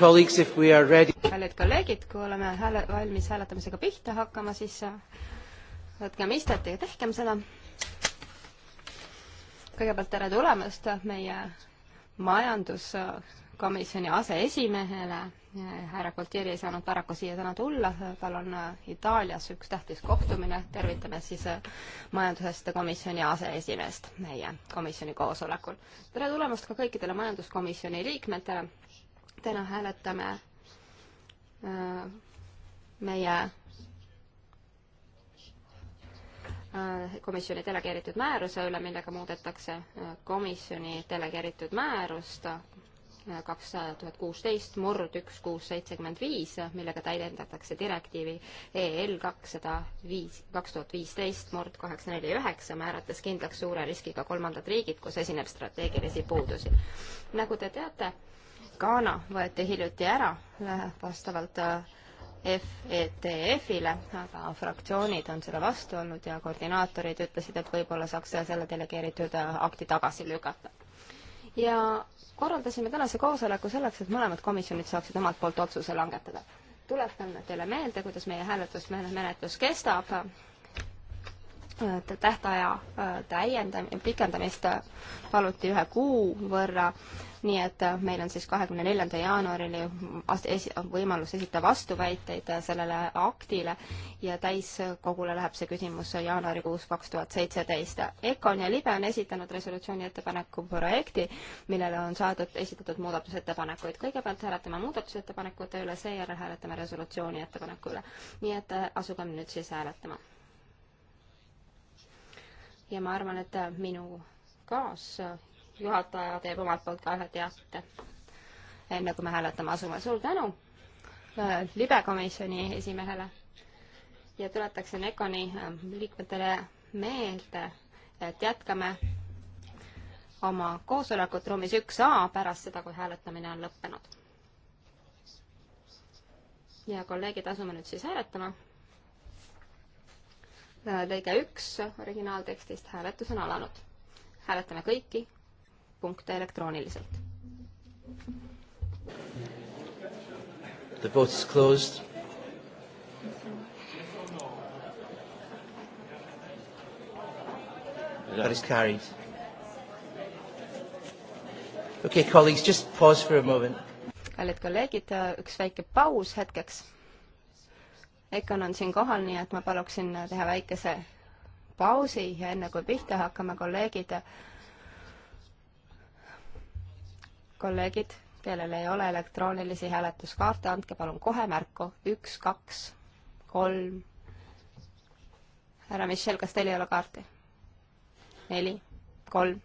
kallid kolleegid, kui oleme hääle, valmis hääletamisega pihta hakkama, siis äh, võtkem istet ja tehkem seda. kõigepealt tere tulemast meie majanduskomisjoni aseesimehele. härra Koltieri ei saanud paraku siia täna tulla, tal on äh, Itaalias üks tähtis kohtumine, tervitame siis äh, majandusasjade komisjoni aseesimeest meie komisjoni koosolekul. tere tulemast ka kõikidele majanduskomisjoni liikmetele täna hääletame äh, meie äh, komisjoni delegeeritud määruse üle, millega muudetakse äh, komisjoni delegeeritud määrust kaks tuhat kuusteist murd üks kuus seitsekümmend viis, millega täidendatakse direktiivi EL kakssada viis, kaks tuhat viisteist murd kaheksa neli üheksa, määrates kindlaks suure riskiga kolmandad riigid, kus esineb strateegilisi puudusi. nagu te teate, Ghana võeti hiljuti ära äh, vastavalt äh, FETF-ile, aga fraktsioonid on selle vastu olnud ja koordinaatorid ütlesid, et võib-olla saaks selle delegeeritud äh, akti tagasi lükata. ja korraldasime tänase koosoleku selleks, et mõlemad komisjonid saaksid omalt poolt otsuse langetada. tuletan teile meelde, kuidas meie hääletusmenetlus kestab tähtaja äh, täiendamine, pikendamist äh, paluti ühe kuu võrra, nii et äh, meil on siis kahekümne neljanda jaanuarini võimalus esitada vastuväiteid sellele aktile ja täiskogule läheb see küsimus jaanuarikuus kaks tuhat seitseteist. Econ ja Libe on esitanud resolutsiooni ettepaneku projekti, millele on saadud, esitatud muudatusettepanekuid. kõigepealt hääletame muudatusettepanekute üle, seejärel hääletame resolutsiooni ettepaneku üle. nii et asugem nüüd siis hääletama ja ma arvan, et minu kaasjuhataja teeb omalt poolt ka ühe teate, enne kui me hääletama asume. suur tänu äh, libekomisjoni esimehele ja tuletaksin EKONi äh, liikmetele meelde, et jätkame oma koosolekut ruumis üks A pärast seda, kui hääletamine on lõppenud. ja kolleegid, asume nüüd siis hääletama lõige üks originaaltekstist, hääletus on alanud. hääletame kõiki punkte elektrooniliselt. The vote is closed. That is carried. Okay, colleagues, just pause for a moment. kallid kolleegid, üks väike paus hetkeks Ekon on siin kohal, nii et ma paluksin teha väikese pausi ja enne kui pihta hakkame, kolleegid, kolleegid, kellel ei ole elektroonilisi hääletuskaarte, andke palun kohe märku, üks, kaks, kolm. härra Michel, kas teil ei ole kaarti? neli, kolm,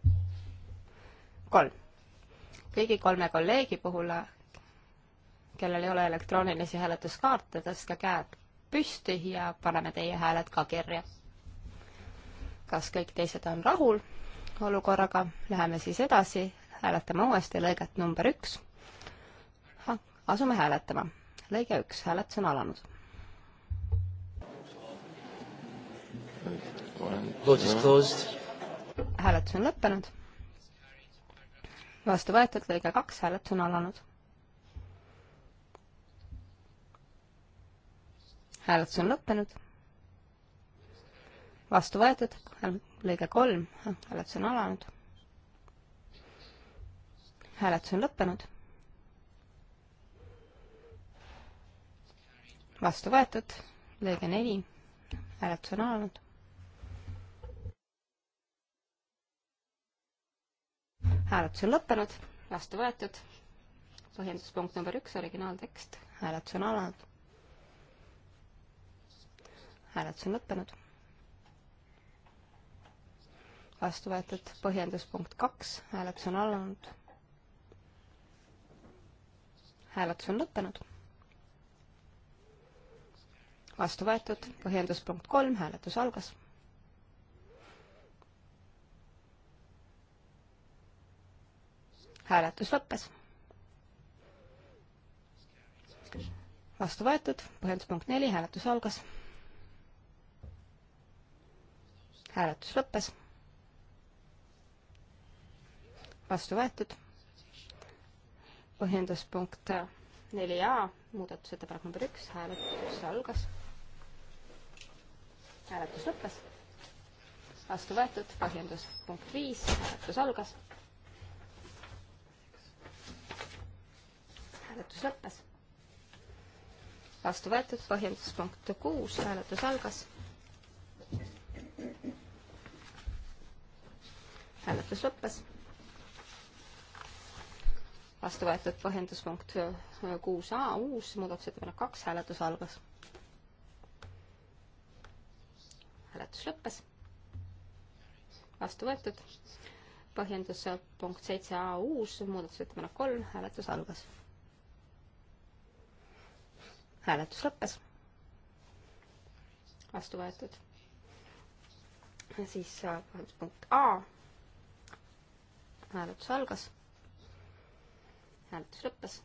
kolm. kõigi kolme kolleegi puhul, kellel ei ole elektroonilisi hääletuskaarte, tõstke käed püsti ja paneme teie hääled ka kirja. kas kõik teised on rahul olukorraga, läheme siis edasi, hääletame uuesti lõiget number üks. asume hääletama. lõige üks, hääletus on alanud. hääletus on lõppenud. vastu võetud, lõige kaks, hääletus on alanud hääletus on lõppenud. vastu võetud, lõige kolm, hääletus on alanud. hääletus on lõppenud. vastu võetud, lõige neli, hääletus on alanud. hääletus on lõppenud, vastu võetud. põhjenduspunkt number üks, originaaltekst, hääletus on alanud hääletus on lõppenud. vastu võetud põhjendus punkt kaks, hääletus on alanud. hääletus on lõppenud. vastu võetud põhjendus punkt kolm, hääletus algas. hääletus lõppes vastu võetud, põhjendus punkt neli, hääletus algas hääletus lõppes. vastu võetud. põhjenduspunkt neli A, muudatusettepanek number üks, hääletus algas. hääletus lõppes. vastu võetud, põhjendus punkt viis, hääletus algas. hääletus lõppes. vastu võetud, põhjendus punkt kuus, hääletus algas. hääletus lõppes. vastu võetud põhjenduspunkt äh, kuus A uus muudatusettepanek kaks, hääletus algas. hääletus lõppes. vastu võetud põhjenduspunkt seitse A uus muudatusettepanek kolm, hääletus algas. hääletus lõppes. vastu võetud. siis äh, põhjenduspunkt A hääletus algas, hääletus lõppes,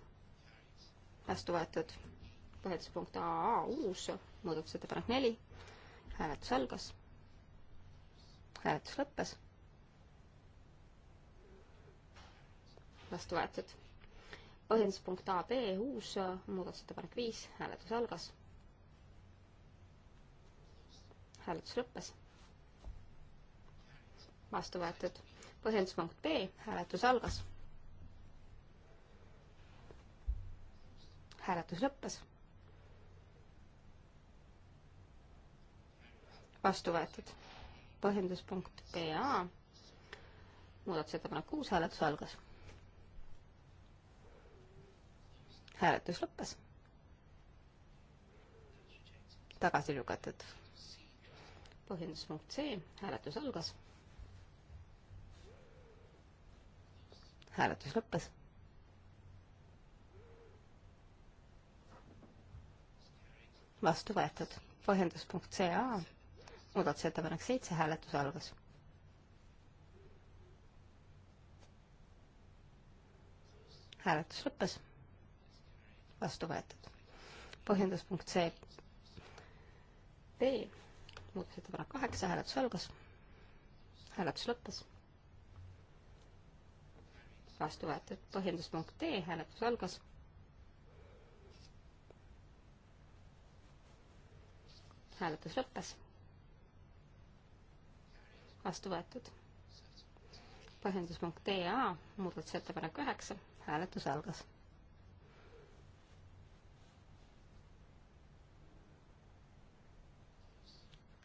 vastu võetud põhjenduspunkt AA uus, muudatusettepanek neli, hääletus algas, hääletus lõppes, vastu võetud põhjenduspunkt AB uus muudatusettepanek viis, hääletus algas. hääletus lõppes. vastu võetud põhjenduspunkt B, hääletus algas. hääletus lõppes. vastu võetud. põhjenduspunkt BA, muudatusettepanek kuus, hääletus algas. hääletus lõppes. tagasi lükatud. põhjenduspunkt C, hääletus algas hääletus lõppes. vastu võetud. põhjenduspunkt CA, muudatusettepanek seitse, hääletus algas. hääletus lõppes. vastu võetud. põhjenduspunkt C, B, muudatusettepanek kaheksa, hääletus algas. hääletus lõppes vastu võetud. põhjenduspunkt D, hääletus algas. hääletus lõppes. vastu võetud. põhjenduspunkt DA, muudatusettepanek üheksa, hääletus algas.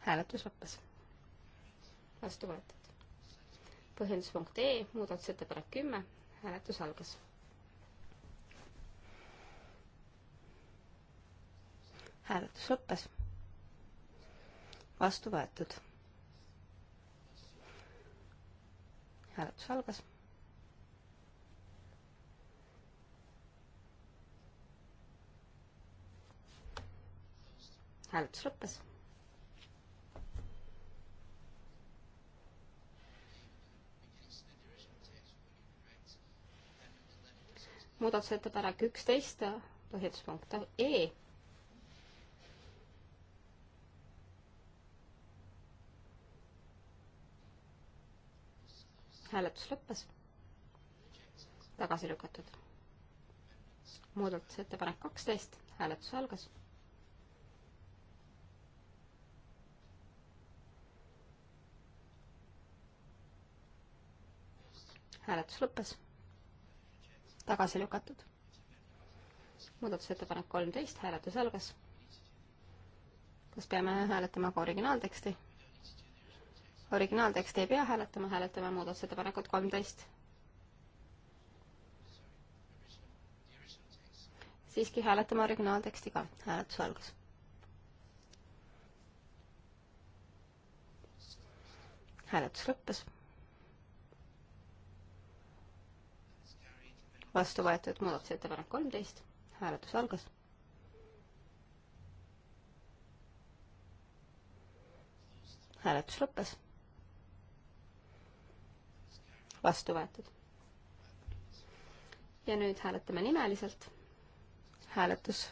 hääletus lõppes. vastu võetud põhjenduspunkt E, muudatusettepanek kümme, hääletus algas. hääletus lõppes. vastu võetud. hääletus algas. hääletus lõppes muudatusettepanek üksteist, põhjenduspunkt E. hääletus lõppes. tagasi lükatud. muudatusettepanek kaksteist, hääletus algas. hääletus lõppes tagasi lükatud. muudatusettepanek kolmteist, hääletus algas. kas peame hääletama ka originaalteksti? originaalteksti ei pea hääletama, hääletame muudatusettepanekut kolmteist. siiski hääletame originaalteksti ka, hääletus algas. hääletus lõppes vastu võetud muudatusettepanek kolmteist, hääletus algas. hääletus lõppes. vastu võetud. ja nüüd hääletame nimeliselt. hääletus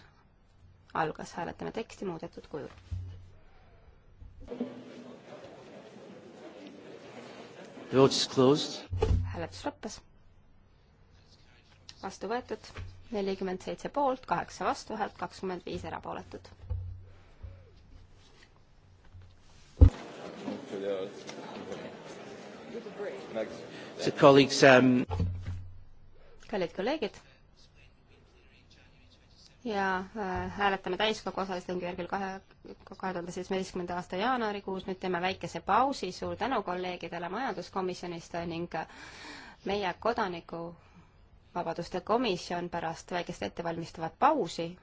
algas, hääletame teksti muudetud kujul. hääletus lõppes vastu võetud, nelikümmend seitse poolt, kaheksa vastuhäält, kakskümmend viis erapooletut. Um, kallid kolleegid ja äh, hääletame täiskogu osalistungi järgi kahe, kahe tuhande seitsmeteistkümnenda aasta jaanuarikuus, nüüd teeme väikese pausi, suur tänu kolleegidele majanduskomisjonist ning äh, meie kodaniku Vabaduste Komisjon pärast väikest ettevalmistavat pausi